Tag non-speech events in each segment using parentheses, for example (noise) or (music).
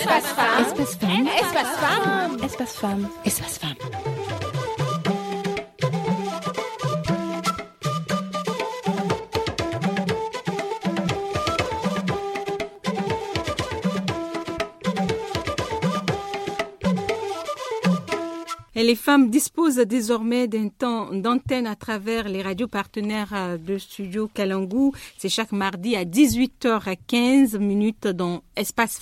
Espace femme. Espace femme. Espace femme. Espace femme. Et les femmes disposent désormais d'un temps d'antenne à travers les radios partenaires euh, de Studio Kalangu. C'est chaque mardi à 18h15 minutes dans Espace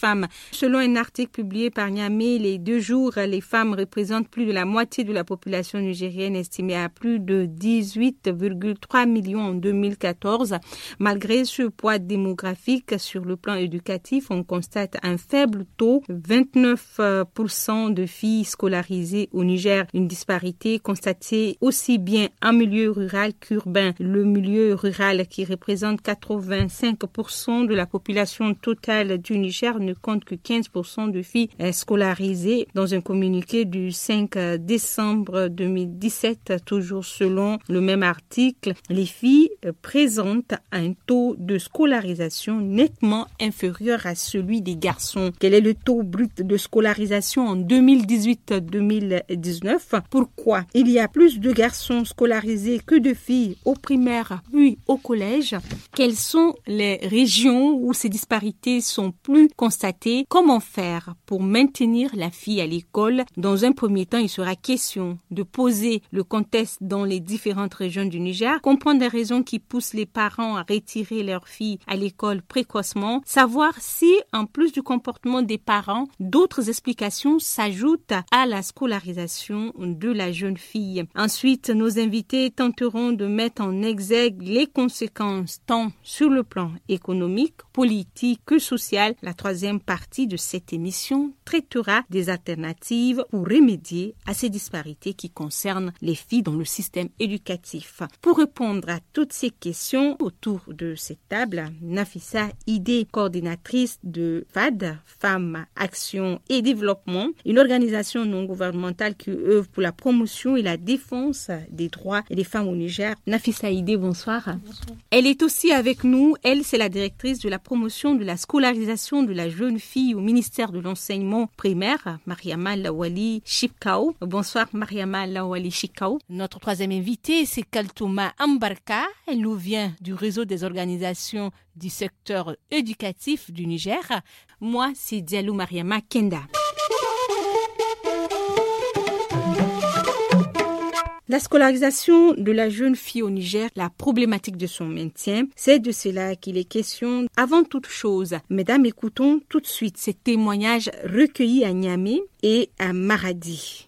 Selon un article publié par Niamey, les deux jours, les femmes représentent plus de la moitié de la population nigérienne estimée à plus de 18,3 millions en 2014. Malgré ce poids démographique sur le plan éducatif, on constate un faible taux, 29% de filles scolarisées au Niger, une disparité constatée aussi bien en milieu rural qu'urbain. Le milieu rural qui représente 85% de la population totale du ne compte que 15% de filles euh, scolarisées dans un communiqué du 5 euh, décembre 2017, toujours selon le même article. Les filles euh, présentent un taux de scolarisation nettement inférieur à celui des garçons. Quel est le taux brut de scolarisation en 2018-2019 Pourquoi il y a plus de garçons scolarisés que de filles au primaire puis au collège Quelles sont les régions où ces disparités sont plus constater comment faire pour maintenir la fille à l'école. Dans un premier temps, il sera question de poser le contexte dans les différentes régions du Niger, comprendre les raisons qui poussent les parents à retirer leur fille à l'école précocement, savoir si, en plus du comportement des parents, d'autres explications s'ajoutent à la scolarisation de la jeune fille. Ensuite, nos invités tenteront de mettre en exergue les conséquences tant sur le plan économique, politique que social la troisième partie de cette émission traitera des alternatives pour remédier à ces disparités qui concernent les filles dans le système éducatif. Pour répondre à toutes ces questions autour de cette table, Nafissa Idé, coordinatrice de FAD, Femmes, Action et Développement, une organisation non gouvernementale qui œuvre pour la promotion et la défense des droits des femmes au Niger. Nafissa Idé, bonsoir. bonsoir. Elle est aussi avec nous. Elle, c'est la directrice de la promotion de la scolarisation de la jeune fille au ministère de l'enseignement primaire, Mariama Lawali Shikao. Bonsoir Mariama Lawali Shikao. Notre troisième invité c'est Kaltouma Ambarka. Elle nous vient du réseau des organisations du secteur éducatif du Niger. Moi, c'est Diallo Mariama Kenda. La scolarisation de la jeune fille au Niger, la problématique de son maintien, c'est de cela qu'il est question avant toute chose. Mesdames, écoutons tout de suite ces témoignages recueillis à Niamey et à Maradi.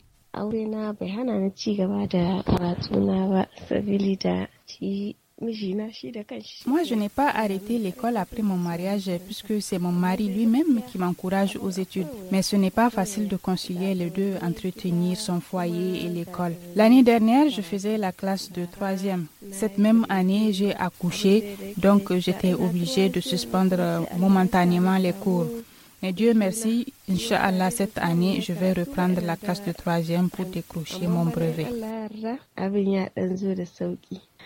Moi, je n'ai pas arrêté l'école après mon mariage puisque c'est mon mari lui-même qui m'encourage aux études. Mais ce n'est pas facile de concilier les deux, entretenir son foyer et l'école. L'année dernière, je faisais la classe de troisième. Cette même année, j'ai accouché, donc j'étais obligée de suspendre momentanément les cours. Mais Dieu merci, Inch'Allah, cette année, je vais reprendre la classe de troisième pour décrocher mon brevet.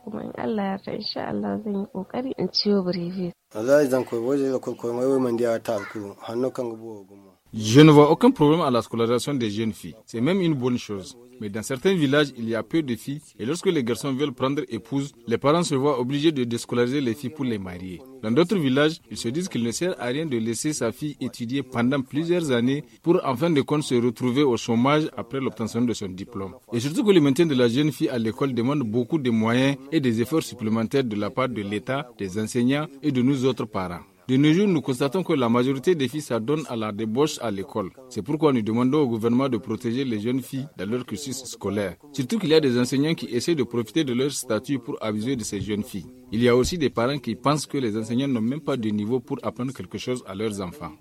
kuma in Allah ya kai insha Allah zan yi kokari in ciwo brevet allah zan koyi wajen da koyi wai man diya ta ku hannu kan gubo goma Je ne vois aucun problème à la scolarisation des jeunes filles. C'est même une bonne chose. Mais dans certains villages, il y a peu de filles et lorsque les garçons veulent prendre épouse, les parents se voient obligés de déscolariser les filles pour les marier. Dans d'autres villages, ils se disent qu'il ne sert à rien de laisser sa fille étudier pendant plusieurs années pour en fin de compte se retrouver au chômage après l'obtention de son diplôme. Et surtout que le maintien de la jeune fille à l'école demande beaucoup de moyens et des efforts supplémentaires de la part de l'État, des enseignants et de nous autres parents. De nos jours, nous constatons que la majorité des filles s'adonnent à la débauche à l'école. C'est pourquoi nous demandons au gouvernement de protéger les jeunes filles dans leur cursus scolaire. Surtout qu'il y a des enseignants qui essaient de profiter de leur statut pour abuser de ces jeunes filles. Il y a aussi des parents qui pensent que les enseignants n'ont même pas de niveau pour apprendre quelque chose à leurs enfants.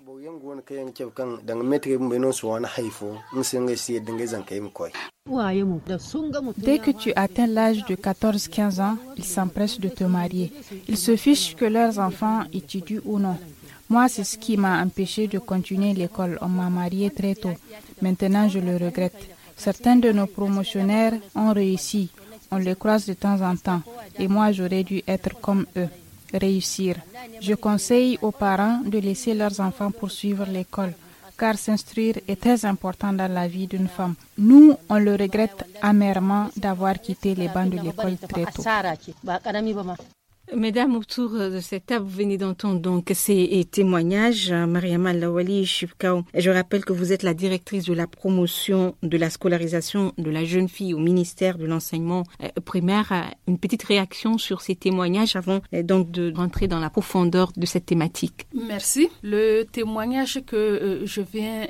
Dès que tu atteins l'âge de 14-15 ans, ils s'empressent de te marier. Ils se fichent que leurs enfants étudient ou non. Moi, c'est ce qui m'a empêché de continuer l'école. On m'a marié très tôt. Maintenant, je le regrette. Certains de nos promotionnaires ont réussi. On les croise de temps en temps. Et moi, j'aurais dû être comme eux réussir. Je conseille aux parents de laisser leurs enfants poursuivre l'école car s'instruire est très important dans la vie d'une femme. Nous, on le regrette amèrement d'avoir quitté les bancs de l'école très tôt. Mesdames, autour de cette table, vous venez d'entendre donc ces témoignages. Euh, Mariama Lawali Chibkao, je rappelle que vous êtes la directrice de la promotion de la scolarisation de la jeune fille au ministère de l'enseignement euh, primaire. Euh, une petite réaction sur ces témoignages avant donc de rentrer dans la profondeur de cette thématique. Merci. Le témoignage que je viens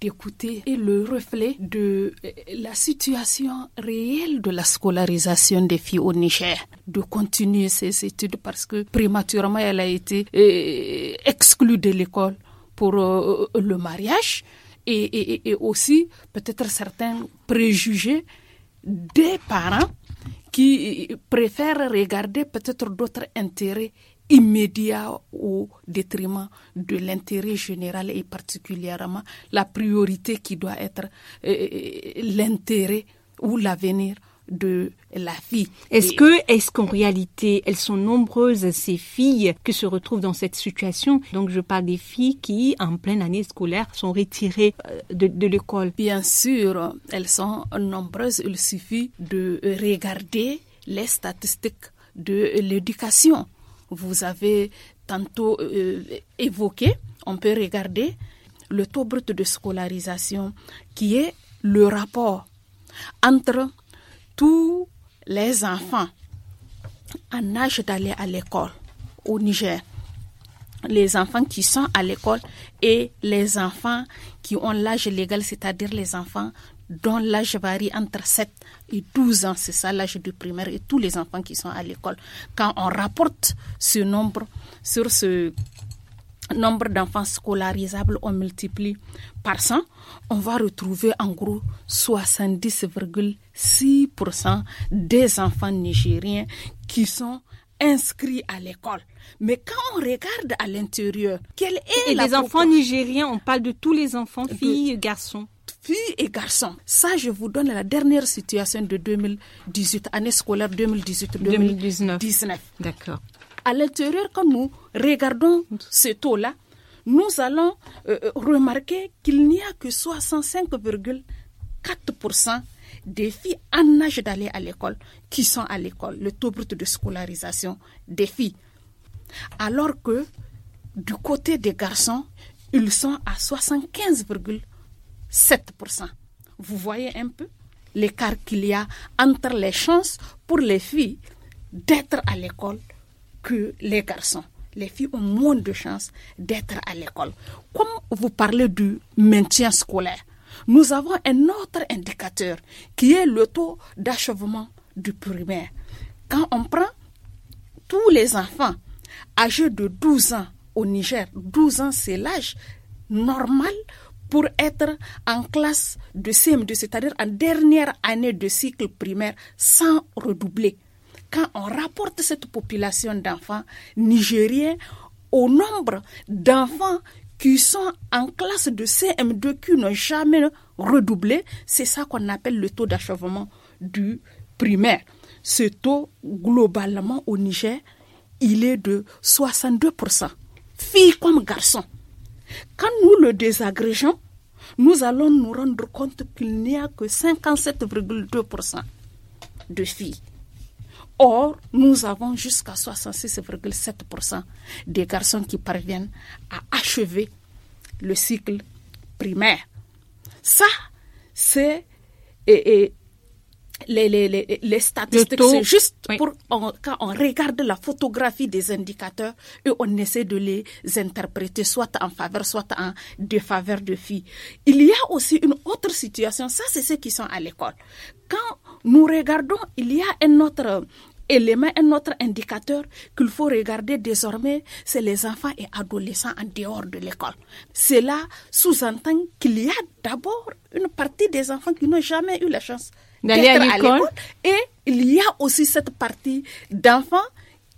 d'écouter est le reflet de euh, la situation réelle de la scolarisation des filles au Niger, de continuer ses études parce que prématurément elle a été euh, exclue de l'école pour euh, le mariage et aussi peut-être certains préjugés des parents qui préfèrent regarder peut-être d'autres intérêts immédiat au détriment de l'intérêt général et particulièrement la priorité qui doit être euh, euh, l'intérêt ou l'avenir de la fille. Est-ce que, est-ce qu'en réalité, elles sont nombreuses ces filles qui se retrouvent dans cette situation Donc, je parle des filles qui, en pleine année scolaire, sont retirées euh, de l'école. Bien sûr, elles sont nombreuses. Il suffit de regarder les statistiques de l'éducation vous avez tantôt euh, évoqué, on peut regarder le taux brut de scolarisation qui est le rapport entre tous les enfants en âge d'aller à l'école au Niger, les enfants qui sont à l'école et les enfants qui ont l'âge légal, c'est-à-dire les enfants dont l'âge varie entre 7 et 12 ans, c'est ça l'âge de primaire, et tous les enfants qui sont à l'école. Quand on rapporte ce nombre sur ce nombre d'enfants scolarisables, on multiplie par 100, on va retrouver en gros 70,6% des enfants nigériens qui sont inscrits à l'école. Mais quand on regarde à l'intérieur, quelle est les enfants nigériens, on parle de tous les enfants, filles, garçons filles et garçons. Ça, je vous donne la dernière situation de 2018, année scolaire 2018-2019. D'accord. À l'intérieur, quand nous regardons ce taux-là, nous allons euh, euh, remarquer qu'il n'y a que 65,4% des filles en âge d'aller à l'école qui sont à l'école, le taux brut de scolarisation des filles. Alors que du côté des garçons, ils sont à 75,4%. 7%. Vous voyez un peu l'écart qu'il y a entre les chances pour les filles d'être à l'école que les garçons. Les filles ont moins de chances d'être à l'école. Comme vous parlez du maintien scolaire, nous avons un autre indicateur qui est le taux d'achèvement du primaire. Quand on prend tous les enfants âgés de 12 ans au Niger, 12 ans c'est l'âge normal pour être en classe de CM2, c'est-à-dire en dernière année de cycle primaire, sans redoubler. Quand on rapporte cette population d'enfants nigériens au nombre d'enfants qui sont en classe de CM2 qui n'ont jamais redoublé, c'est ça qu'on appelle le taux d'achèvement du primaire. Ce taux, globalement au Niger, il est de 62%, filles comme garçons. Quand nous le désagrégeons, nous allons nous rendre compte qu'il n'y a que 57,2% de filles. Or, nous avons jusqu'à 66,7% des garçons qui parviennent à achever le cycle primaire. Ça, c'est les, les, les, statistiques. c'est juste pour quand on regarde la photographie des indicateurs et on essaie de les interpréter soit en faveur, soit en défaveur de filles. Il y a aussi une autre situation, ça c'est ceux qui sont à l'école. Quand nous regardons, il y a un autre élément, un autre indicateur qu'il faut regarder désormais, c'est les enfants et adolescents en dehors de l'école. Cela sous-entend qu'il y a d'abord une partie des enfants qui n'ont jamais eu la chance d'aller l'école. Et il y a aussi cette partie d'enfants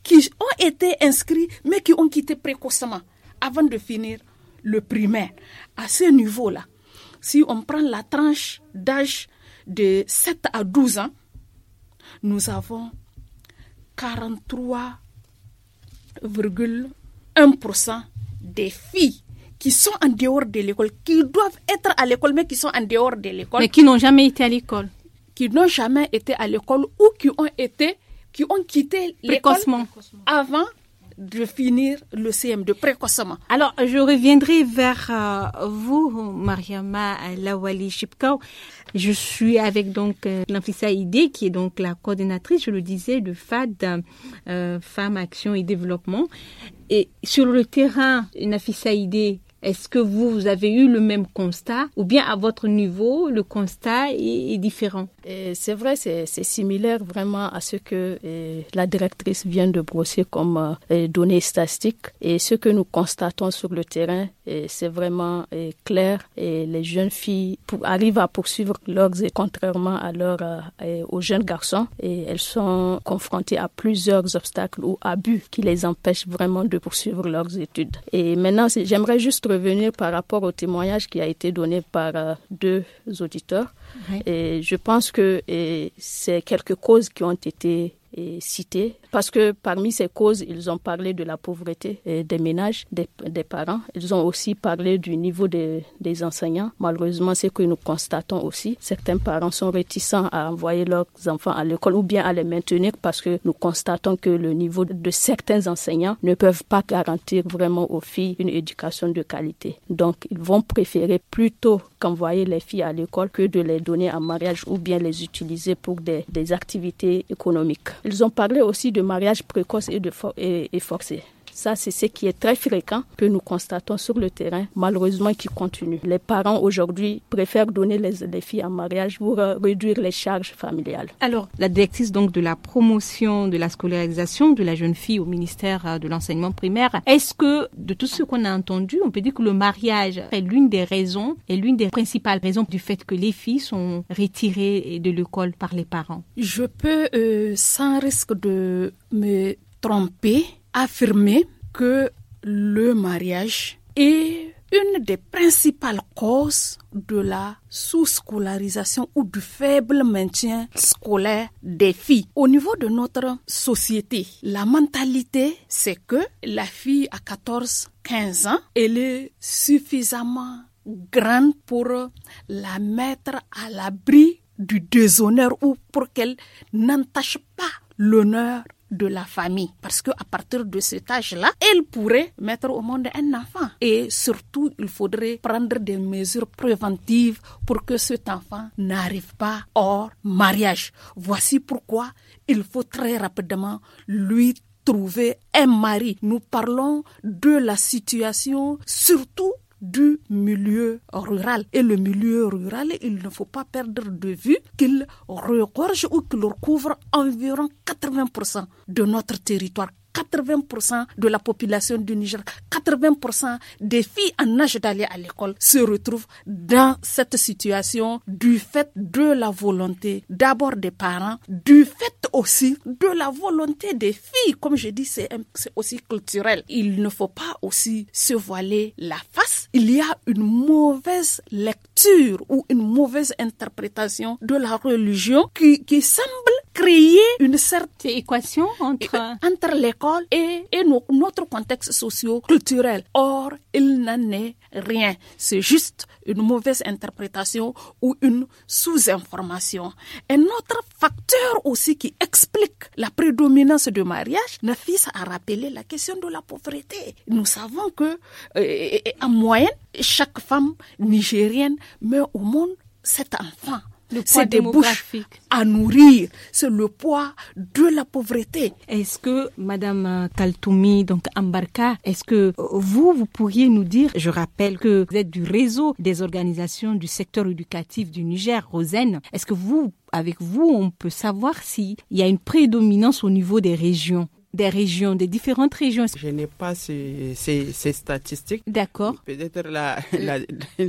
qui ont été inscrits mais qui ont quitté précocement avant de finir le primaire. À ce niveau-là, si on prend la tranche d'âge de 7 à 12 ans, nous avons 43,1% des filles qui sont en dehors de l'école, qui doivent être à l'école mais qui sont en dehors de l'école. Mais qui n'ont jamais été à l'école qui n'ont jamais été à l'école ou qui ont été, qui ont quitté l'école avant de finir le CM2 précocement. Alors, je reviendrai vers euh, vous, Mariama Lawali Chipkao. Je suis avec donc euh, qui est donc la coordinatrice, je le disais, de FAD, euh, Femme Action et Développement. Et sur le terrain, Nafissa Idé, est-ce que vous, avez eu le même constat ou bien à votre niveau, le constat est, différent C'est vrai, c'est similaire vraiment à ce que la directrice vient de brosser comme euh, données statistiques. Et ce que nous constatons sur le terrain, c'est vraiment clair. Et les jeunes filles pour, arrivent à poursuivre leurs études contrairement à leur, euh, aux jeunes garçons. Et elles sont confrontées à plusieurs obstacles ou abus qui les empêchent vraiment de poursuivre leurs études. Et maintenant, j'aimerais juste revenir par rapport au témoignage qui a été donné par euh, deux auditeurs. Et je pense que c'est quelques causes qui ont été et parce que parmi ces causes, ils ont parlé de la pauvreté euh, des ménages, des, parents. Ils ont aussi parlé du niveau des enseignants. Malheureusement, c'est ce que nous constatons aussi, certains parents sont réticents à envoyer leurs enfants à l'école ou bien à les maintenir parce que nous constatons que le niveau de certains enseignants ne peuvent pas garantir vraiment aux filles une éducation de qualité. Donc, ils vont préférer plutôt qu'envoyer les filles à l'école que de les donner en mariage ou bien les utiliser pour des activités économiques. Ils ont parlé aussi de mariage précoce et, de et, forcé. Ça, c'est ce qui est très fréquent que nous constatons sur le terrain, malheureusement, qui continue. Les parents aujourd'hui préfèrent donner les, filles en mariage pour euh, réduire les charges familiales. Alors, la directrice donc de la promotion de la scolarisation de la jeune fille au ministère euh, de l'enseignement primaire, est-ce que de tout ce qu'on a entendu, on peut dire que le mariage est l'une des raisons et l'une des principales raisons du fait que les filles sont retirées de l'école par les parents Je peux, euh, sans risque de me tromper, affirmer que le mariage est une des principales causes de la sous-scolarisation ou du faible maintien scolaire des filles. Au niveau de notre société, la mentalité, c'est que la fille à 14, 15 ans, elle est suffisamment grande pour la mettre à l'abri du déshonneur ou pour qu'elle n'entache pas l'honneur de la famille. Parce qu'à partir de cet âge-là, elle pourrait mettre au monde un enfant. Et surtout, il faudrait prendre des mesures préventives pour que cet enfant n'arrive pas hors mariage. Voici pourquoi il faut très rapidement lui trouver un mari. Nous parlons de la situation surtout du milieu rural. Et le milieu rural, il ne faut pas perdre de vue qu'il regorge ou qu'il recouvre environ 80% de notre territoire. 80% de la population du Niger, 80% des filles en âge d'aller à l'école se retrouvent dans cette situation du fait de la volonté d'abord des parents, du fait aussi de la volonté des filles. Comme je dis, c'est aussi culturel. Il ne faut pas aussi se voiler la face. Il y a une mauvaise lecture ou une mauvaise interprétation de la religion qui, qui semble créer une certaine équation entre, euh, entre l'école et, et notre contexte socio-culturel. Or, il n'en est rien. C'est juste une mauvaise interprétation ou une sous-information. Un autre facteur aussi qui explique la prédominance du mariage, Nafis a rappelé la question de la pauvreté. Nous savons que, euh, en moyenne, chaque femme nigérienne mais au monde cet enfant. C'est des bouches à nourrir, c'est le poids de la pauvreté. Est-ce que Madame euh, Kaltoumi, donc Ambarka, est-ce que euh, vous, vous pourriez nous dire, je rappelle que vous êtes du réseau des organisations du secteur éducatif du Niger, Rosen, est-ce que vous, avec vous, on peut savoir s'il y a une prédominance au niveau des régions des régions, des différentes régions. Je n'ai pas ces, statistiques. D'accord. Euh,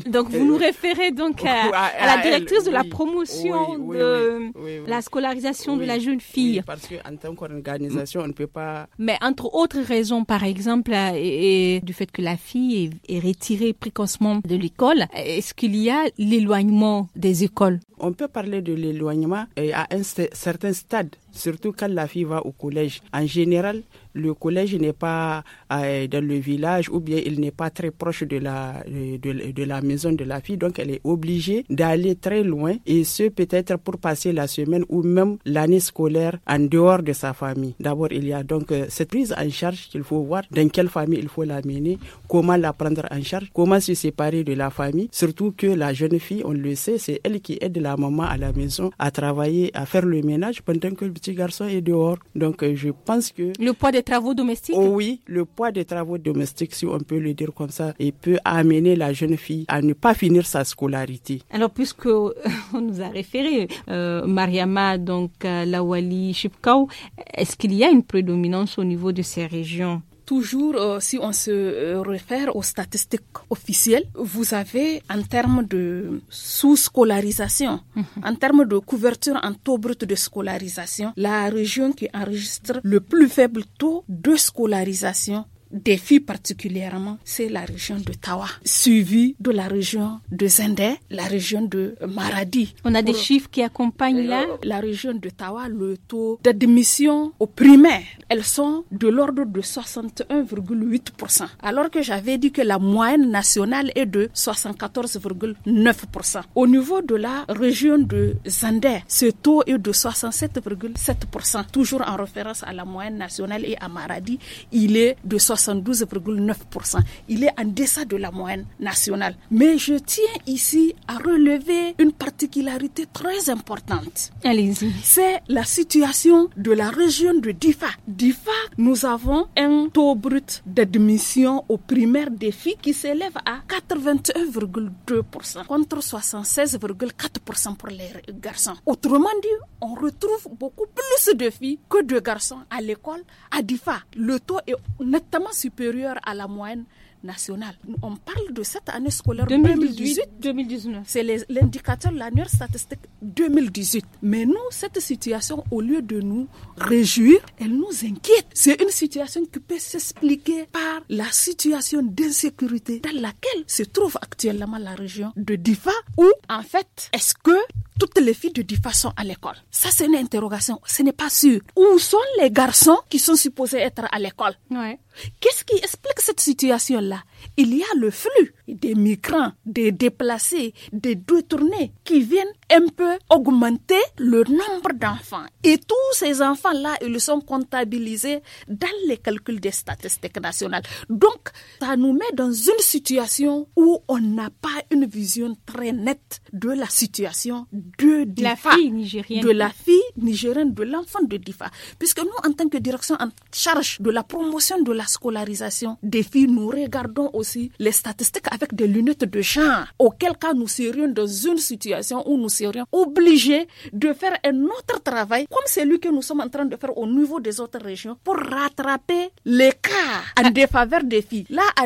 donc vous nous référez donc à, (laughs) la directrice de la promotion de la scolarisation de la jeune fille. parce qu'en tant qu'organisation, on ne peut pas. Mais entre autres raisons, par exemple, euh, et, du fait que la fille est, est retirée précocement de l'école, est-ce qu'il y a l'éloignement des écoles On peut parler de l'éloignement euh, à un certain stade surtout quand la fille va au collège. En général, le collège n'est pas euh, dans le village ou bien il n'est pas très proche de la, de, la maison de la fille. Donc, elle est obligée d'aller très loin et ce peut-être pour passer la semaine ou même l'année scolaire en dehors de sa famille. D'abord, il y a donc euh, cette prise en charge qu'il faut voir, dans quelle famille il faut l'amener, comment la prendre en charge, comment se séparer de la famille. Surtout que la jeune fille, on le sait, c'est elle qui aide la maman à la maison à travailler, à faire le ménage pendant que le petit garçon est dehors. Donc, euh, je pense que... Le poids travaux domestiques oh Oui, le poids des travaux domestiques, si on peut le dire comme ça, et peut amener la jeune fille à ne pas finir sa scolarité. Alors, puisque (laughs) on nous a référé euh, Mariama, donc Lawali, Chipkao, est-ce qu'il y a une prédominance au niveau de ces régions toujours, euh, si on se euh, réfère aux statistiques officielles, vous avez en termes de sous-scolarisation, mhm. en termes de couverture en taux brut de scolarisation, la région qui enregistre le plus faible taux de scolarisation Défi particulièrement, c'est la région de Tawa, suivie de la région de Zinder, la région de Maradi. On a des chiffres qui accompagnent là La région de Tawa, le taux d'admission aux primaires, elles sont de l'ordre de 61,8%, alors que j'avais dit que la moyenne nationale est de 74,9%. Au niveau de la région de Zinder, ce taux est de 67,7%, toujours en référence à la moyenne nationale et à Maradi, il est de 60 72,9%. Il est en deçà de la moyenne nationale. Mais je tiens ici à relever une particularité très importante. Allez-y. C'est la situation de la région de Difa. Difa, nous avons un taux brut d'admission aux primaires des filles qui s'élève à 81,2% contre 76,4% pour les garçons. Autrement dit, on retrouve beaucoup plus de filles que de garçons à l'école à Difa. Le taux est nettement supérieure à la moyenne nationale. On parle de cette année scolaire 2018-2019. C'est l'indicateur, l'annuaire statistique 2018. Mais nous, cette situation, au lieu de nous réjouir, elle nous inquiète. C'est une situation qui peut s'expliquer par la situation d'insécurité dans laquelle se trouve actuellement la région de Difa, où, en fait, est-ce que toutes les filles de Difa sont à l'école Ça, c'est une interrogation. Ce n'est pas sûr. Où sont les garçons qui sont supposés être à l'école ouais. Qu'est-ce qui explique cette situation-là Il y a le flux des migrants, des déplacés, des détournés qui viennent un peu augmenter le nombre d'enfants. Et tous ces enfants-là, ils sont comptabilisés dans les calculs des statistiques nationales. Donc, ça nous met dans une situation où on n'a pas une vision très nette de la situation de La fille nigérienne. De la fille nigérienne, de l'enfant de Difa. Puisque nous, en tant que direction en charge de la promotion de la scolarisation des filles, nous regardons aussi les statistiques avec des lunettes de genre, auquel cas nous serions dans une situation où nous serions obligés de faire un autre travail, comme celui que nous sommes en train de faire au niveau des autres régions, pour rattraper les cas en ah. défaveur des filles. Là, à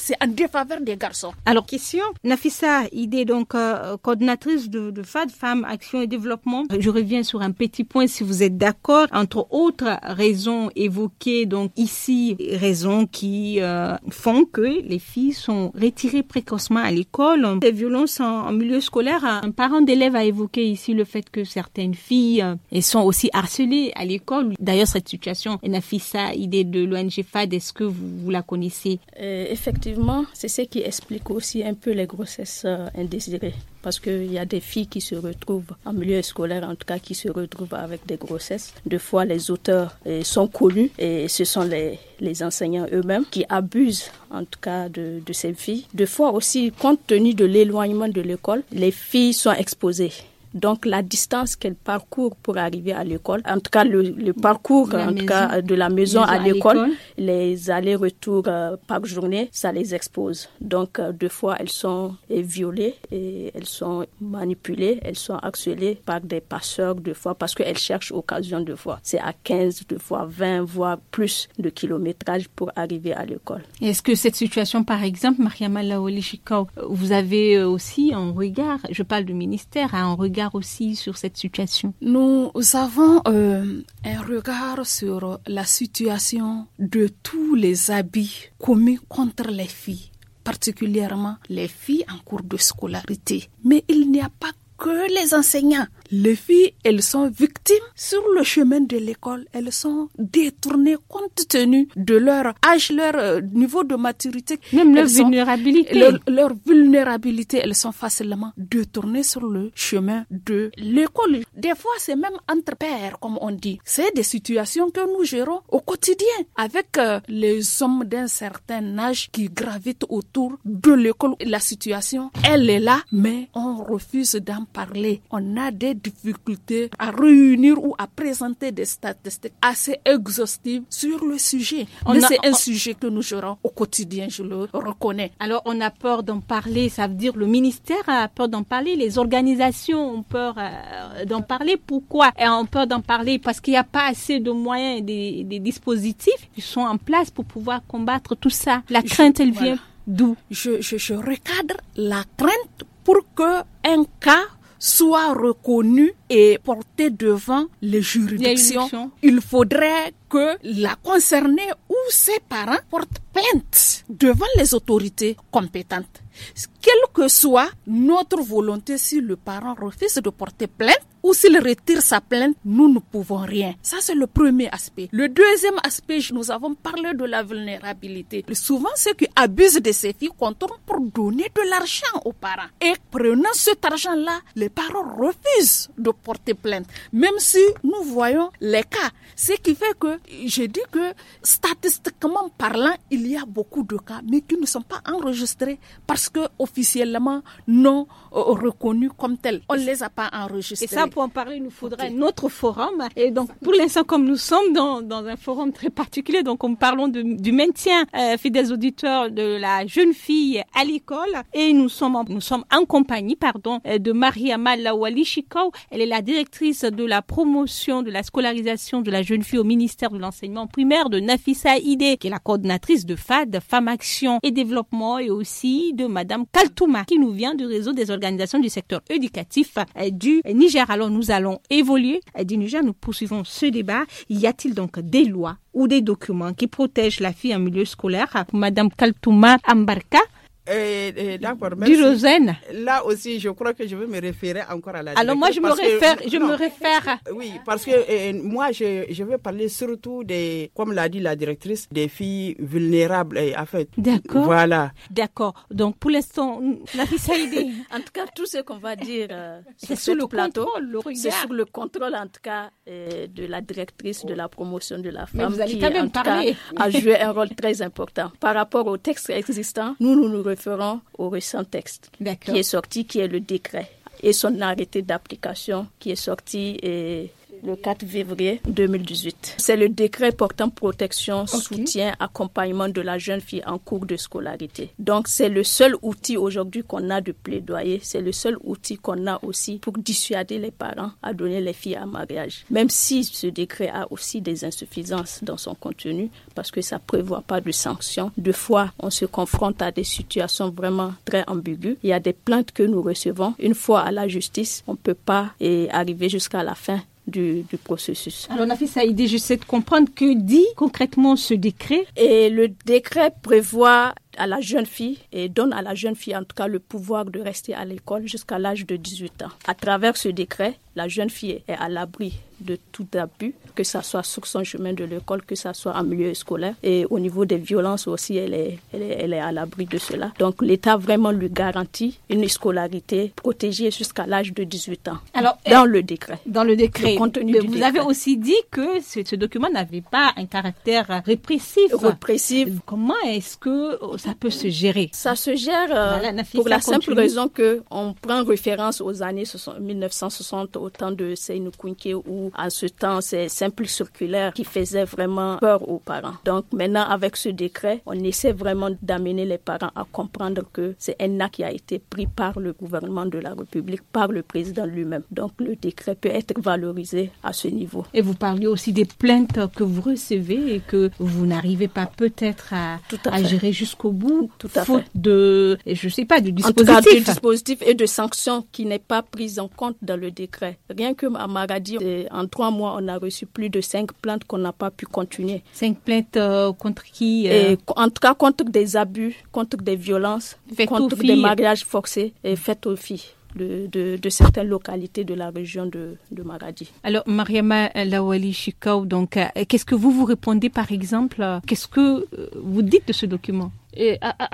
c'est en défaveur des garçons. Alors, question, Nafissa Idée, donc euh, coordinatrice de, de FAD, Femmes, Action et Développement. Je reviens sur un petit point, si vous êtes d'accord. Entre autres raisons évoquées donc ici raisons qui euh, font que les filles sont retirées précocement à l'école. Les violences en, milieu scolaire, hein. un parent d'élève a évoqué ici le fait que certaines filles euh, sont aussi harcelées à l'école. D'ailleurs, cette situation, Nafissa, idée de l'ONG FAD, est-ce que vous, la connaissez euh, Effectivement, c'est ce qui explique aussi un peu les grossesses indésirées parce qu'il y a des filles qui se retrouvent en milieu scolaire, en tout cas qui se retrouvent avec des grossesses. Deux fois, les auteurs eh, sont connus et ce sont les, les enseignants eux-mêmes qui abusent en tout cas de, de ces filles. Deux fois aussi, compte tenu de l'éloignement de l'école, les filles sont exposées donc la distance qu'elle parcourt pour arriver à l'école, en tout cas le, parcours de la maison, à l'école, les allers-retours euh, par journée, ça les expose. Donc euh, deux fois elles sont violées et elles sont manipulées, elles sont harcelées par des passeurs deux fois parce qu'elles cherchent occasion de fois. C'est à 15, deux fois 20, voire plus de kilométrage pour arriver à l'école. Est-ce que cette situation, par exemple, Mariama Laoli vous avez aussi un regard, je parle du ministère, hein, un regard aussi sur cette situation Nous avons euh, un regard sur la situation de tous les habits commis contre les filles, particulièrement les filles en cours de scolarité. Mais il n'y a pas que les enseignants les filles, elles sont victimes sur le chemin de l'école. Elles sont détournées compte tenu de leur âge, leur euh, niveau de maturité. Même leur vulnérabilité. Leur, vulnérabilité, elles sont facilement détournées sur le chemin de l'école. Des fois, c'est même entre pères, comme on dit. C'est des situations que nous gérons au quotidien avec euh, les hommes d'un certain âge qui gravitent autour de l'école. La situation, elle est là, mais on refuse d'en parler. On a des difficulté à réunir ou à présenter des statistiques assez exhaustives sur le sujet. c'est un sujet que nous gérons au quotidien, je le reconnais. Alors, on a peur d'en parler, ça veut dire le ministère a peur d'en parler, les organisations ont peur euh, d'en parler. Pourquoi et ont peur d'en parler Parce qu'il n'y a pas assez de moyens et des, dispositifs qui sont en place pour pouvoir combattre tout ça. La crainte, elle vient d'où je, je recadre la crainte pour que un cas soit reconnu et porté devant les juridictions. Il faudrait que la concernée ou ses parents portent plainte devant les autorités compétentes quelle que soit notre volonté, si le parent refuse de porter plainte ou s'il retire sa plainte, nous ne pouvons rien. Ça, c'est le premier aspect. Le deuxième aspect, nous avons parlé de la vulnérabilité. Souvent, ceux qui abusent de ces filles comptent pour donner de l'argent aux parents. Et prenant cet argent-là, les parents refusent de porter plainte. Même si nous voyons les cas. Ce qui fait que, j'ai dit que, statistiquement parlant, il y a beaucoup de cas, mais qui ne sont pas enregistrés parce que, officiellement non euh, reconnus comme tels. On ne les a pas enregistrés. Et ça, pour en parler, il nous faudrait un autre forum. Et donc, pour l'instant, comme nous sommes dans, un forum très particulier, donc on parlons du maintien, euh, des auditeurs, de la jeune fille à l'école. Et nous sommes en, nous sommes en compagnie, pardon, euh, de Mariama Lawali Elle est la directrice de la promotion de la scolarisation de la jeune fille au ministère de l'enseignement primaire de Nafisa Ide, qui est la coordinatrice de FAD, Femmes Action et Développement, et aussi de Madame Kaltouma, qui nous vient du réseau des organisations du secteur éducatif euh, du Niger. Alors nous allons évoluer euh, du Niger, nous poursuivons ce débat. Y a-t-il donc des lois ou des documents qui protègent la fille en milieu scolaire Madame Kaltouma Ambarka, D'accord, Là aussi, je crois que je vais me référer encore à la. Alors moi, je me réfère. je me réfère. Oui, parce que euh, moi, je, je vais parler surtout des, comme l'a dit la directrice, des filles vulnérables et en fait. D'accord. Voilà. D'accord. Donc pour l'instant, la (laughs) en tout cas, tout ce qu'on va dire euh, c'est sur le plateau, c'est sur le contrôle en tout cas euh, de la directrice de la promotion de la femme qui en Tout cas, a joué un rôle très important par rapport au texte existant. Nous, nous nous référant au récent texte qui est sorti, qui est le décret et son arrêté d'application qui est sorti et le 4 février 2018. C'est le décret portant protection, soutien, accompagnement de la jeune fille en cours de scolarité. Donc c'est le seul outil aujourd'hui qu'on a de plaidoyer, c'est le seul outil qu'on a aussi pour dissuader les parents à donner les filles en mariage. Même si ce décret a aussi des insuffisances dans son contenu parce que ça prévoit pas de sanctions. Deux fois, on se confronte à des situations vraiment très ambiguës. Il y a des plaintes que nous recevons. Une fois à la justice, on ne peut pas arriver jusqu'à la fin du, processus. Alors, sa Saïdi, j'essaie de comprendre que dit concrètement ce décret. Et le décret prévoit à la jeune fille et donne à la jeune fille en tout cas le pouvoir de rester à l'école jusqu'à l'âge de 18 ans. À travers ce décret, la jeune fille est à l'abri de tout abus, que ça soit sur son chemin de l'école, que ça soit en milieu scolaire. Et au niveau des violences aussi, elle est, elle est, à l'abri de cela. Donc l'État vraiment lui garantit une scolarité protégée jusqu'à l'âge de 18 ans. Alors, dans le décret. Dans le décret. contenu mais vous avez aussi dit que ce, document n'avait pas un caractère répressif. Comment est-ce que oh, ça peut se gérer Ça se gère euh, pour la simple raison que on prend référence aux années 1960 au temps de Seynou ou où en ce temps, c'est simple circulaire qui faisait vraiment peur aux parents. Donc maintenant, avec ce décret, on essaie vraiment d'amener les parents à comprendre que c'est un acte qui a été pris par le gouvernement de la République, par le président lui-même. Donc le décret peut être valorisé à ce niveau. Et vous parliez aussi des plaintes que vous recevez et que vous n'arrivez pas peut-être à, gérer jusqu'au bout, Tout à faute fait. de, je sais pas, du dispositif. En tout cas, du dispositif et de sanctions qui n'est pas prise en compte dans le décret. Rien que à Maradi, en en trois mois, on a reçu plus de cinq plaintes qu'on n'a pas pu continuer. Cinq plaintes euh, contre qui euh? En tout cas, contre des abus, contre des violences, contre des mariages forcés et faites aux filles. De, certaines localités de la région de, de Maradi. Alors, Mariama Lawali Chikau, donc, euh, qu'est-ce que vous vous répondez par exemple Qu'est-ce que vous dites de ce document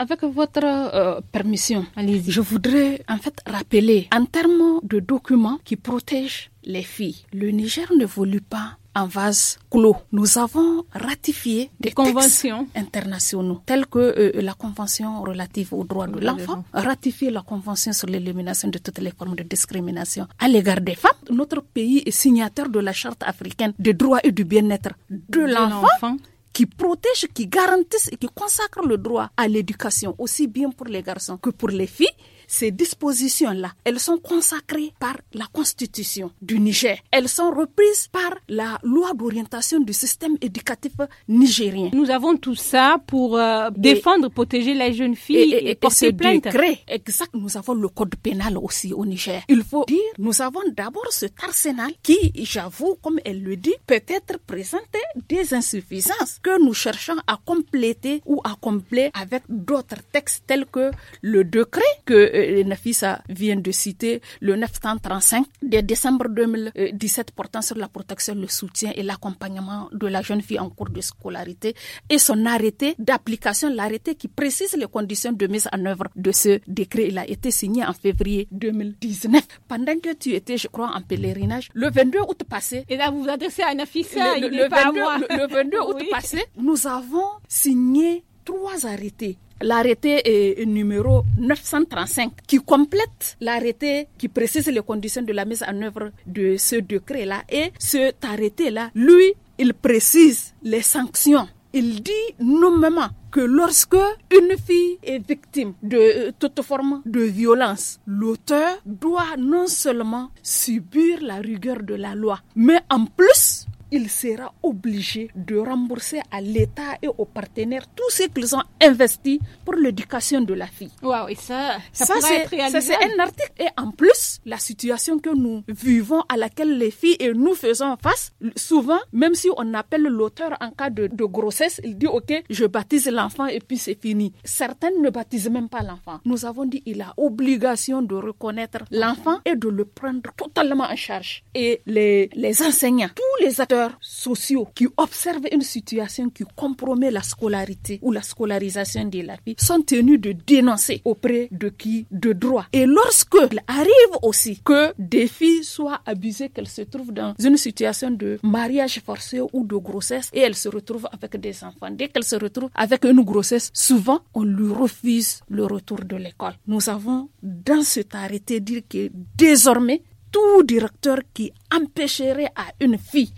avec votre permission, je voudrais en fait rappeler en termes de documents qui protègent les filles. Le Niger ne voulut pas en vase clos. Nous avons ratifié des, conventions internationales, telles que euh, la Convention relative aux droits de l'enfant, ratifié la Convention sur l'élimination de toutes les formes de discrimination à l'égard des femmes. Notre pays est signataire de la Charte africaine des droits et du bien-être de, l'enfant qui protège, qui garantissent et qui consacre le droit à l'éducation, aussi bien pour les garçons que pour les filles ces dispositions-là, elles sont consacrées par la Constitution du Niger. Elles sont reprises par la loi d'orientation du système éducatif nigérien. Nous avons tout ça pour euh, défendre, protéger les jeunes filles et, et porter plainte. exact, nous avons le code pénal aussi au Niger. Il faut dire, nous avons d'abord cet arsenal qui, j'avoue, comme elle le dit, peut être présenté des insuffisances que nous cherchons à compléter ou à compléter avec d'autres textes tels que le décret que euh, euh, Nafisa vient de citer, le 935 de décembre 2017 portant sur la protection, le soutien et l'accompagnement de la jeune fille en cours de scolarité et son arrêté d'application, l'arrêté qui précise les conditions de mise en œuvre de ce décret. Il a été signé en février 2019. Pendant que tu étais, je crois, en pèlerinage, le 22 août passé. Et là, vous adressez à il moi. le (laughs) août passé, nous avons signé trois arrêtés l'arrêté numéro 935 qui complète l'arrêté qui précise les conditions de la mise en œuvre de ce décret-là. Et cet arrêté-là, lui, il précise les sanctions. Il dit nommément que lorsque une fille est victime de toute forme de violence, l'auteur doit non seulement subir la rigueur de la loi, mais en plus il sera obligé de rembourser à l'État et aux partenaires tout ce qu'ils ont investi pour l'éducation de la fille. Waouh, et ça, ça, c'est un article. Et en plus, la situation que nous vivons, à laquelle les filles et nous faisons face, souvent, même si on appelle l'auteur en cas de, de, grossesse, il dit OK, je baptise l'enfant et puis c'est fini. Certaines ne baptisent même pas l'enfant. Nous avons dit il a obligation de reconnaître l'enfant et de le prendre totalement en charge. Et les, les enseignants, tous les acteurs sociaux qui observent une situation qui compromet la scolarité ou la scolarisation de la fille sont tenus de dénoncer auprès de qui de droit. Et lorsque il arrive aussi que des filles soient abusées, qu'elles se trouvent dans une situation de mariage forcé ou de grossesse et elles se retrouvent avec des enfants. Dès qu'elles se retrouvent avec une grossesse, souvent on lui refuse le retour de l'école. Nous avons dans cet arrêté dire que désormais tout directeur qui empêcherait à une fille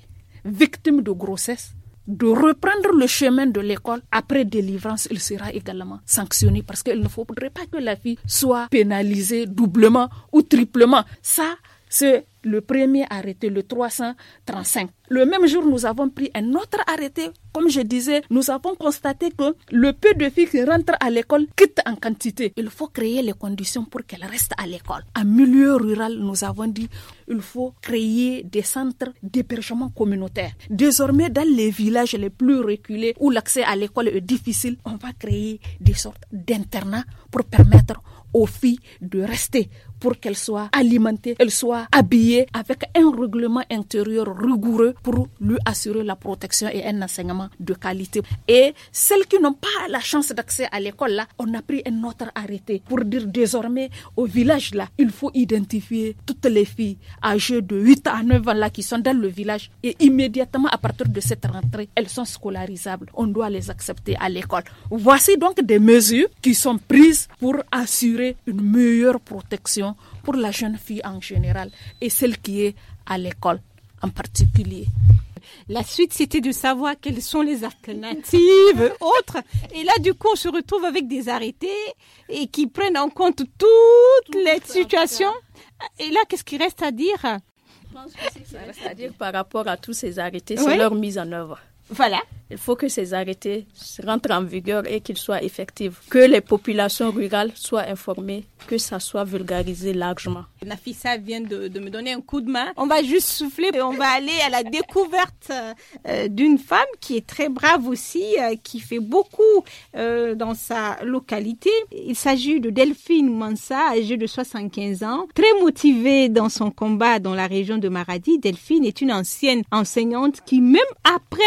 victime de grossesse, de reprendre le chemin de l'école après délivrance, il sera également sanctionné parce qu'il ne faudrait pas que la fille soit pénalisée doublement ou triplement. Ça, c'est le premier arrêté, le 335. Le même jour, nous avons pris un autre arrêté. Comme je disais, nous avons constaté que le peu de filles qui rentrent à l'école quittent en quantité. Il faut créer les conditions pour qu'elles restent à l'école. En milieu rural, nous avons dit il faut créer des centres d'hébergement communautaire. Désormais, dans les villages les plus reculés où l'accès à l'école est difficile, on va créer des sortes d'internats pour permettre aux filles de rester pour qu'elles soient alimentées, elles soient habillées avec un règlement intérieur rigoureux pour lui assurer la protection et un enseignement de qualité. Et celles qui n'ont pas la chance d'accès à l'école, là, on a pris un autre arrêté pour dire désormais au village, là, il faut identifier toutes les filles âgées de 8 à 9 ans, là, qui sont dans le village et immédiatement à partir de cette rentrée, elles sont scolarisables. On doit les accepter à l'école. Voici donc des mesures qui sont prises pour assurer une meilleure protection pour la jeune fille en général et celle qui est à l'école en particulier. La suite, c'était de savoir quelles sont les alternatives autres. Et là, du coup, on se retrouve avec des arrêtés et qui prennent en compte toutes, les situations. Et là, qu'est-ce qui reste à dire Je pense que ce qui reste à dire par rapport à tous ces arrêtés, c'est leur mise en œuvre. Voilà. Il faut que ces arrêtés rentrent en vigueur et qu'ils soient effectifs, que les populations rurales soient informées, que ça soit vulgarisé largement. Nafissa vient de, me donner un coup de main. On va juste souffler et on va aller à la découverte euh, d'une femme qui est très brave aussi, euh, qui fait beaucoup euh, dans sa localité. Il s'agit de Delphine Mansa, âgée de 75 ans, très motivée dans son combat dans la région de Maradi. Delphine est une ancienne enseignante qui, même après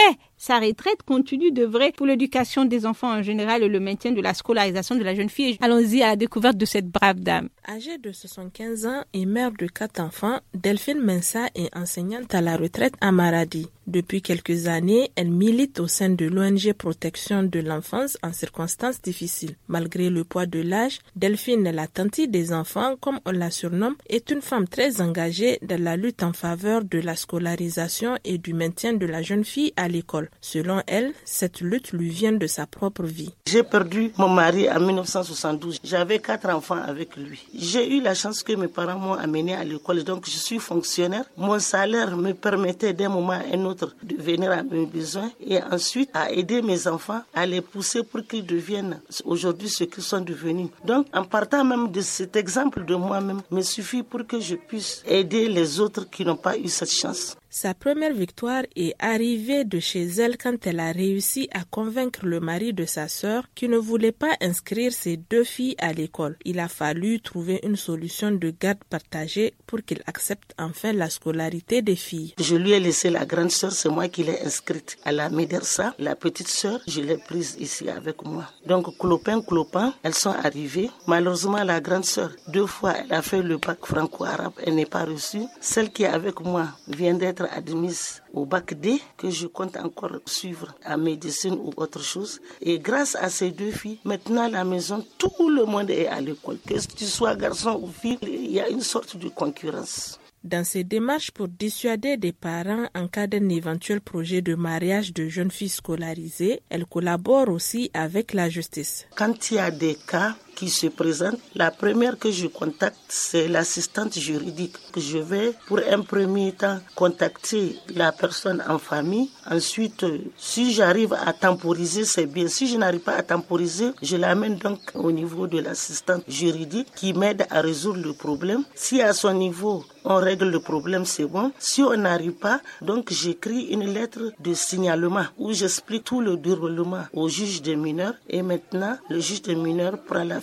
sa retraite continue de vrai pour l'éducation des enfants en général et le maintien de la scolarisation de la jeune fille. Allons-y à la découverte de cette brave dame. Âgée de 75 ans et mère de quatre enfants, Delphine Mensa est enseignante à la retraite à Maradi. Depuis quelques années, elle milite au sein de l'ONG Protection de l'enfance en circonstances difficiles. Malgré le poids de l'âge, Delphine, la tante des enfants, comme on la surnomme, est une femme très engagée dans la lutte en faveur de la scolarisation et du maintien de la jeune fille à l'école. Selon elle, cette lutte lui vient de sa propre vie. J'ai perdu mon mari en 1972. J'avais quatre enfants avec lui. J'ai eu la chance que mes parents m'ont amené à l'école, donc je suis fonctionnaire. Mon salaire me permettait d'un moment à un de venir à mes besoins et ensuite à aider mes enfants à les pousser pour qu'ils deviennent aujourd'hui ce qu'ils sont devenus. Donc, en partant même de cet exemple de moi-même, me suffit pour que je puisse aider les autres qui n'ont pas eu cette chance. Sa première victoire est arrivée de chez elle quand elle a réussi à convaincre le mari de sa sœur qui ne voulait pas inscrire ses deux filles à l'école. Il a fallu trouver une solution de garde partagée pour qu'il accepte enfin la scolarité des filles. Je lui ai laissé la grande sœur, c'est moi qui l'ai inscrite à la Médersa. La petite sœur, je l'ai prise ici avec moi. Donc, clopin, clopin, elles sont arrivées. Malheureusement, la grande sœur, deux fois, elle a fait le bac franco-arabe, elle n'est pas reçue. Celle qui est avec moi vient d'être admise au bac D que je compte encore suivre à médecine ou autre chose. Et grâce à ces deux filles, maintenant à la maison, tout le monde est à l'école. Que tu sois garçon ou fille, il y a une sorte de concurrence. Dans ses démarches pour dissuader des parents en cas d'un éventuel projet de mariage de jeunes filles scolarisées, elle collabore aussi avec la justice. Quand il y a des cas qui se présentent. La première que je contacte, c'est l'assistante juridique. Je vais pour un premier temps contacter la personne en famille. Ensuite, euh, si j'arrive à temporiser, c'est bien. Si je n'arrive pas à temporiser, je l'amène donc au niveau de l'assistante juridique qui m'aide à résoudre le problème. Si à son niveau, on règle le problème, c'est bon. Si on n'arrive pas, donc j'écris une lettre de signalement où j'explique tout le déroulement au juge des mineurs et maintenant le juge des mineurs prend la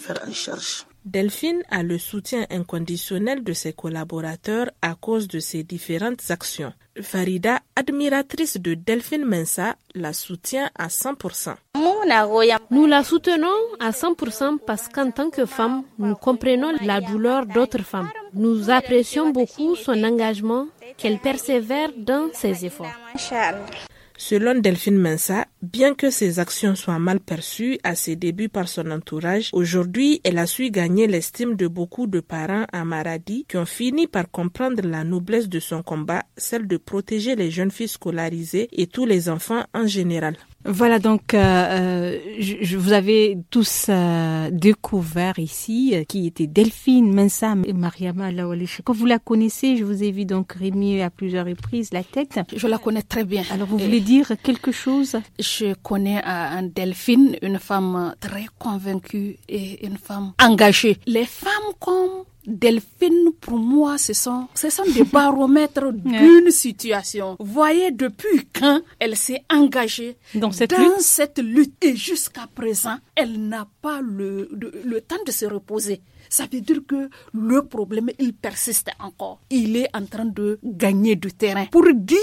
Delphine a le soutien inconditionnel de ses collaborateurs à cause de ses différentes actions. Farida, admiratrice de Delphine Mensa, la soutient à 100%. Nous la soutenons à 100% parce qu'en tant que femme, nous comprenons la douleur d'autres femmes. Nous apprécions beaucoup son engagement, qu'elle persévère dans ses efforts. Selon Delphine Mensa, bien que ses actions soient mal perçues à ses débuts par son entourage, aujourd'hui elle a su gagner l'estime de beaucoup de parents à Maradi qui ont fini par comprendre la noblesse de son combat, celle de protéger les jeunes filles scolarisées et tous les enfants en général. Voilà, donc euh, euh, je, vous avez tous euh, découvert ici qui était Delphine Mensam et Mariama Laoualich. Quand vous la connaissez, je vous ai vu donc remuer à plusieurs reprises la tête. Je la connais très bien. Alors vous voulez dire quelque chose Je connais un Delphine, une femme très convaincue et une femme engagée. Les femmes comme Delphine, pour moi, ce sont, ce sont des (laughs) baromètres d'une situation. Voyez depuis quand elle s'est engagée dans cette, lutte. cette lutte. Et jusqu'à présent, elle n'a pas le, le, temps de se reposer. Ça veut dire que le problème, il persiste encore. Il est en train de gagner du terrain. Pour dire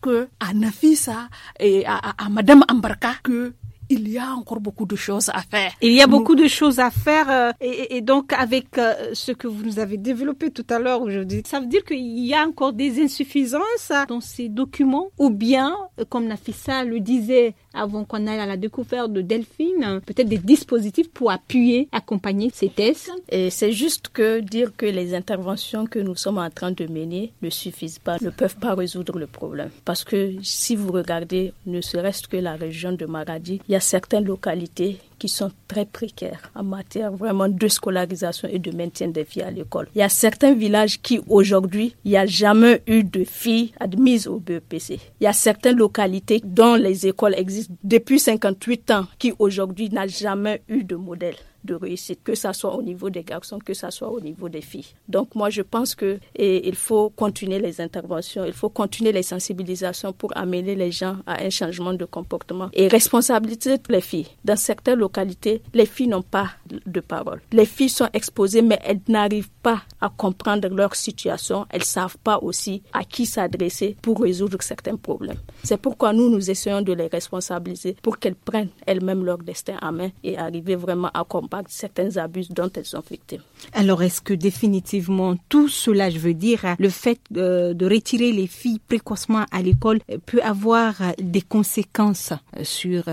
que à Nafisa et à, à Madame Ambarka que il y a encore beaucoup de choses à faire. Il y a beaucoup de choses à faire. Euh, et, et, donc, avec euh, ce que vous nous avez développé tout à l'heure aujourd'hui, ça veut dire qu'il y a encore des insuffisances dans ces documents ou bien, euh, comme Nafissa le disait, avant qu'on aille à la découverte de Delphine, peut-être des dispositifs pour appuyer, accompagner ces tests. Et c'est juste que dire que les interventions que nous sommes en train de mener ne suffisent pas, ne peuvent pas résoudre le problème. Parce que si vous regardez, ne serait-ce que la région de Maradi, il y a certaines localités qui sont très précaires en matière vraiment de scolarisation et de maintien des filles à l'école. Il y a certains villages qui aujourd'hui, il n'y a jamais eu de filles admises au BEPC. Il y a certaines localités dont les écoles existent depuis 58 ans qui aujourd'hui n'a jamais eu de modèle de réussite, que ce soit au niveau des garçons, que ce soit au niveau des filles. Donc moi, je pense que il faut continuer les interventions, il faut continuer les sensibilisations pour amener les gens à un changement de comportement et responsabiliser les filles. Dans certaines localités, les filles n'ont pas de parole. Les filles sont exposées, mais elles n'arrivent pas à comprendre leur situation. Elles savent pas aussi à qui s'adresser pour résoudre certains problèmes. C'est pourquoi nous, nous essayons de les responsabiliser pour qu'elles prennent elles-mêmes leur destin en main et arriver vraiment à comprendre certains abus dont elles sont victimes. Alors, est-ce que définitivement tout cela, je veux dire, le fait euh, de, retirer les filles précocement à l'école euh, peut avoir des conséquences euh, sur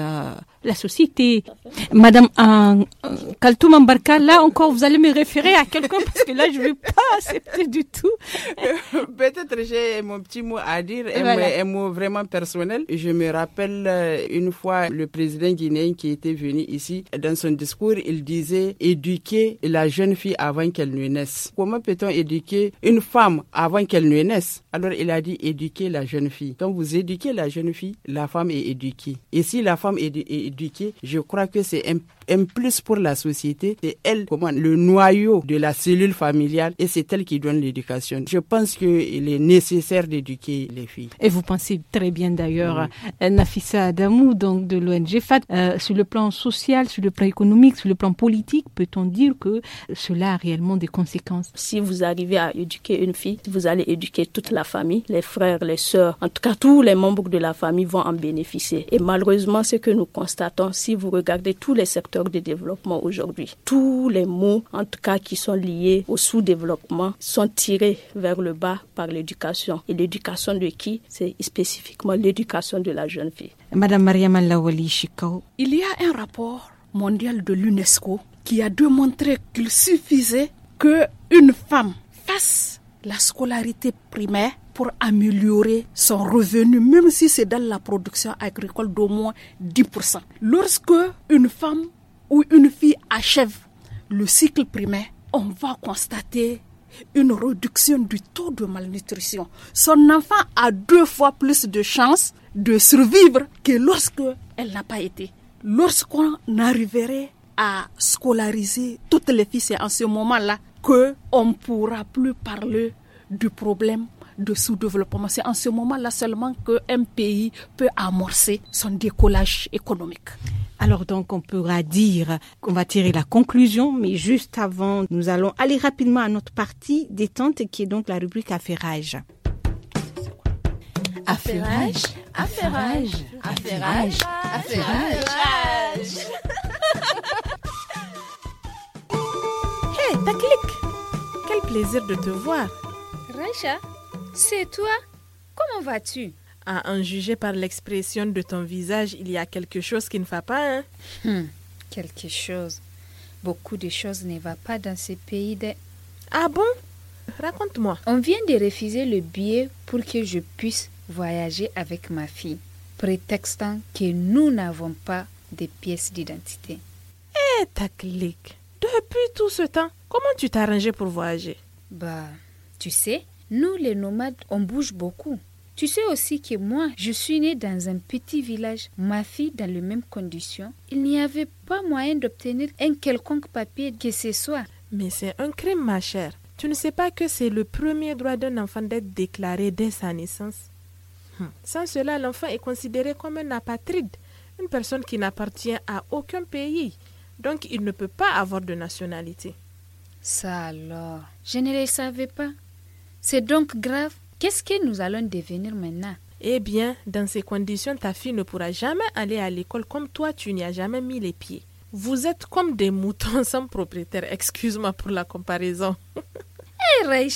la société. Madame euh, euh Kaltoum là encore, vous allez me référer à quelqu'un parce que là, je ne vais pas accepter du tout. (laughs) Peut-être j'ai mon petit mot à dire, un, mot, vraiment personnel. Je me rappelle euh, une fois le président guinéen qui était venu ici. Dans son discours, il disait éduquer la jeune fille avant qu'elle ne naisse. Comment peut-on éduquer une femme avant qu'elle ne naisse Alors, il a dit éduquer la jeune fille. Quand vous éduquez la jeune fille, la femme est éduquée. Et si la femme est éduquée, je crois que c'est un un plus pour la société. C'est elle, comment, le noyau de la cellule familiale et c'est elle qui donne l'éducation. Je pense qu'il est nécessaire d'éduquer les filles. Et vous pensez très bien d'ailleurs, à Nafissa Adamou, donc de l'ONG FAT, euh, sur le plan social, sur le plan économique, sur le plan politique, peut-on dire que cela a réellement des conséquences Si vous arrivez à éduquer une fille, vous allez éduquer toute la famille, les frères, les sœurs, en tout cas tous les membres de la famille vont en bénéficier. Et malheureusement, ce que nous constatons, si vous regardez tous les secteurs de développement aujourd'hui. Tous les mots, en tout cas, qui sont liés au sous-développement, sont tirés vers le bas par l'éducation. Et l'éducation de qui C'est spécifiquement l'éducation de la jeune fille. Madame Mariam il y a un rapport mondial de l'UNESCO qui a démontré qu'il suffisait que une femme fasse la scolarité primaire pour améliorer son revenu, même si c'est dans la production agricole d'au moins 10%. Lorsque une femme où une fille achève le cycle primaire, on va constater une réduction du taux de malnutrition. Son enfant a deux fois plus de chances de survivre que lorsque elle n'a pas été. Lorsqu'on arriverait à scolariser toutes les filles, c'est en ce moment-là que on pourra plus parler du problème de sous-développement. C'est en ce moment-là seulement qu'un pays peut amorcer son décollage économique. Alors donc on pourra dire qu'on va tirer la conclusion, mais juste avant, nous allons aller rapidement à notre partie détente qui est donc la rubrique affairage. Affairage, affairage, affairage, affairage. Hé, (laughs) hey, quel plaisir de te voir. Racha, c'est toi Comment vas-tu À en juger par l'expression de ton visage, il y a quelque chose qui ne va pas, hein hum, Quelque chose. Beaucoup de choses ne vont pas dans ce pays de... Ah bon Raconte-moi. On vient de refuser le billet pour que je puisse voyager avec ma fille, prétextant que nous n'avons pas de pièces d'identité. Eh, ta clique Depuis tout ce temps, comment tu arrangé pour voyager Bah, tu sais, nous, les nomades, on bouge beaucoup. Tu sais aussi que moi, je suis née dans un petit village, ma fille dans les mêmes conditions. Il n'y avait pas moyen d'obtenir un quelconque papier que ce soit. Mais c'est un crime, ma chère. Tu ne sais pas que c'est le premier droit d'un enfant d'être déclaré dès sa naissance. Hmm. Sans cela, l'enfant est considéré comme un apatride, une personne qui n'appartient à aucun pays. Donc, il ne peut pas avoir de nationalité. Ça alors, je ne le savais pas. C'est donc grave. Qu'est-ce que nous allons devenir maintenant Eh bien, dans ces conditions, ta fille ne pourra jamais aller à l'école comme toi, tu n'y as jamais mis les pieds. Vous êtes comme des moutons sans propriétaire. Excuse-moi pour la comparaison. Hé (laughs) hey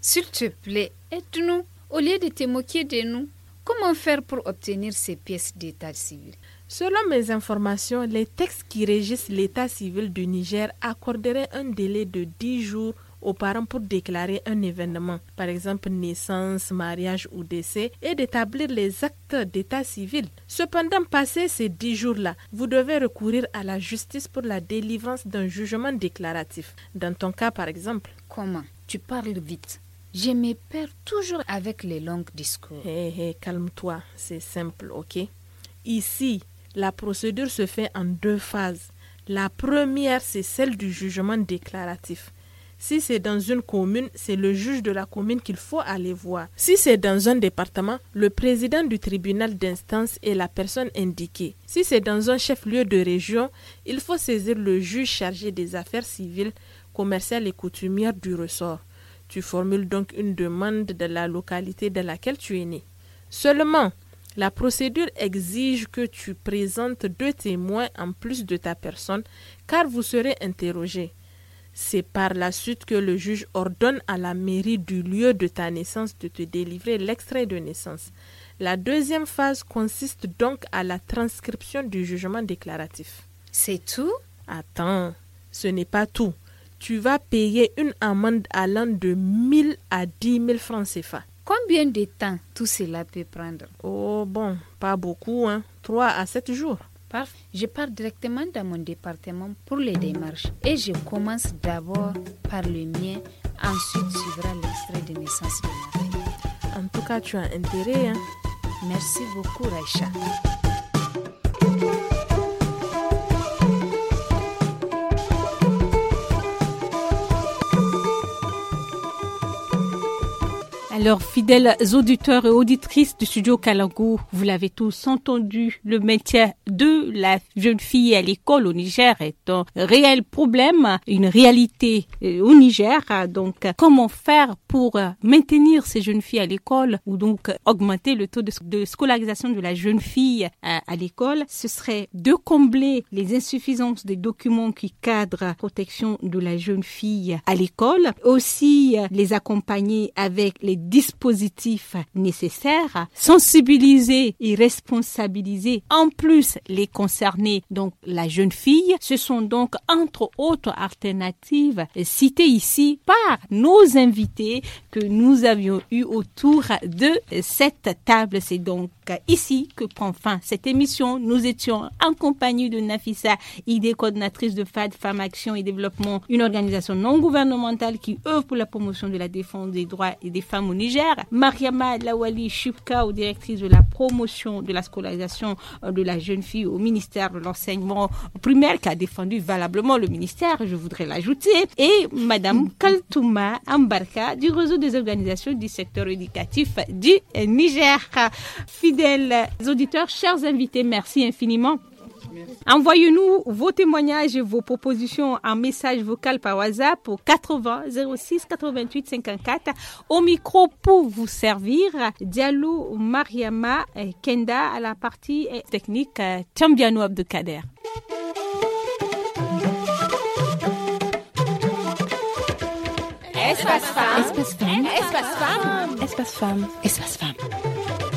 s'il te plaît, aide-nous. Au lieu de te moquer de nous, comment faire pour obtenir ces pièces d'état civil Selon mes informations, les textes qui régissent l'état civil du Niger accorderaient un délai de 10 jours aux parents pour déclarer un événement, par exemple naissance, mariage ou décès, et d'établir les actes d'état civil. Cependant, passé ces dix jours-là, vous devez recourir à la justice pour la délivrance d'un jugement déclaratif. Dans ton cas, par exemple. Comment Tu parles vite. Je me perds toujours avec les longs discours. Hé, hé, calme-toi, c'est simple, ok Ici, la procédure se fait en deux phases. La première, c'est celle du jugement déclaratif. Si c'est dans une commune, c'est le juge de la commune qu'il faut aller voir. Si c'est dans un département, le président du tribunal d'instance est la personne indiquée. Si c'est dans un chef-lieu de région, il faut saisir le juge chargé des affaires civiles, commerciales et coutumières du ressort. Tu formules donc une demande de la localité dans laquelle tu es né. Seulement, la procédure exige que tu présentes deux témoins en plus de ta personne, car vous serez interrogé. C'est par la suite que le juge ordonne à la mairie du lieu de ta naissance de te délivrer l'extrait de naissance. La deuxième phase consiste donc à la transcription du jugement déclaratif. C'est tout Attends, ce n'est pas tout. Tu vas payer une amende allant de 1000 à 10 000 francs CFA. Combien de temps tout cela peut prendre Oh bon, pas beaucoup, hein. 3 à 7 jours. Je pars directement dans mon département pour les démarches et je commence d'abord par le mien, ensuite suivra l'extrait de naissance de ma fille. En tout cas, tu as intérêt. Hein? Merci beaucoup, Raïcha. Alors, fidèles auditeurs et auditrices du studio Kalango, vous l'avez tous entendu, le maintien de la jeune fille à l'école au Niger est un réel problème, une réalité euh, au Niger. Donc, comment faire pour euh, maintenir ces jeunes filles à l'école ou donc augmenter le taux de, scolarisation de la jeune fille à, euh, à l'école Ce serait de combler les insuffisances des documents qui cadrent la protection de la jeune fille à l'école, aussi les accompagner avec les dispositifs nécessaires, sensibiliser et responsabiliser en plus les concernés, donc la jeune fille. Ce sont donc entre autres alternatives citées ici par nos invités que nous avions eu autour de cette table. C'est donc ici que prend fin cette émission. Nous étions en compagnie de Nafissa idée coordinatrice de FAD, Femmes Action et Développement, une organisation non gouvernementale qui œuvre pour la promotion de la défense des droits et des femmes au Niger. Mariama Lawali ou directrice de la promotion de la scolarisation euh, de la jeune fille au ministère de l'enseignement primaire, qui a défendu valablement le ministère, je voudrais l'ajouter. Et Madame mm. Kaltouma Ambarka du réseau des organisations du secteur éducatif du Niger fidèles auditeurs, chers invités, merci infiniment. Envoyez-nous vos témoignages et vos propositions en message vocal par WhatsApp au 80 06 88 54. Au micro pour vous servir, Diallo Mariama Kenda à la partie technique Chambiano Abdelkader. Espace femme. Espace femme. Espace Espace femme.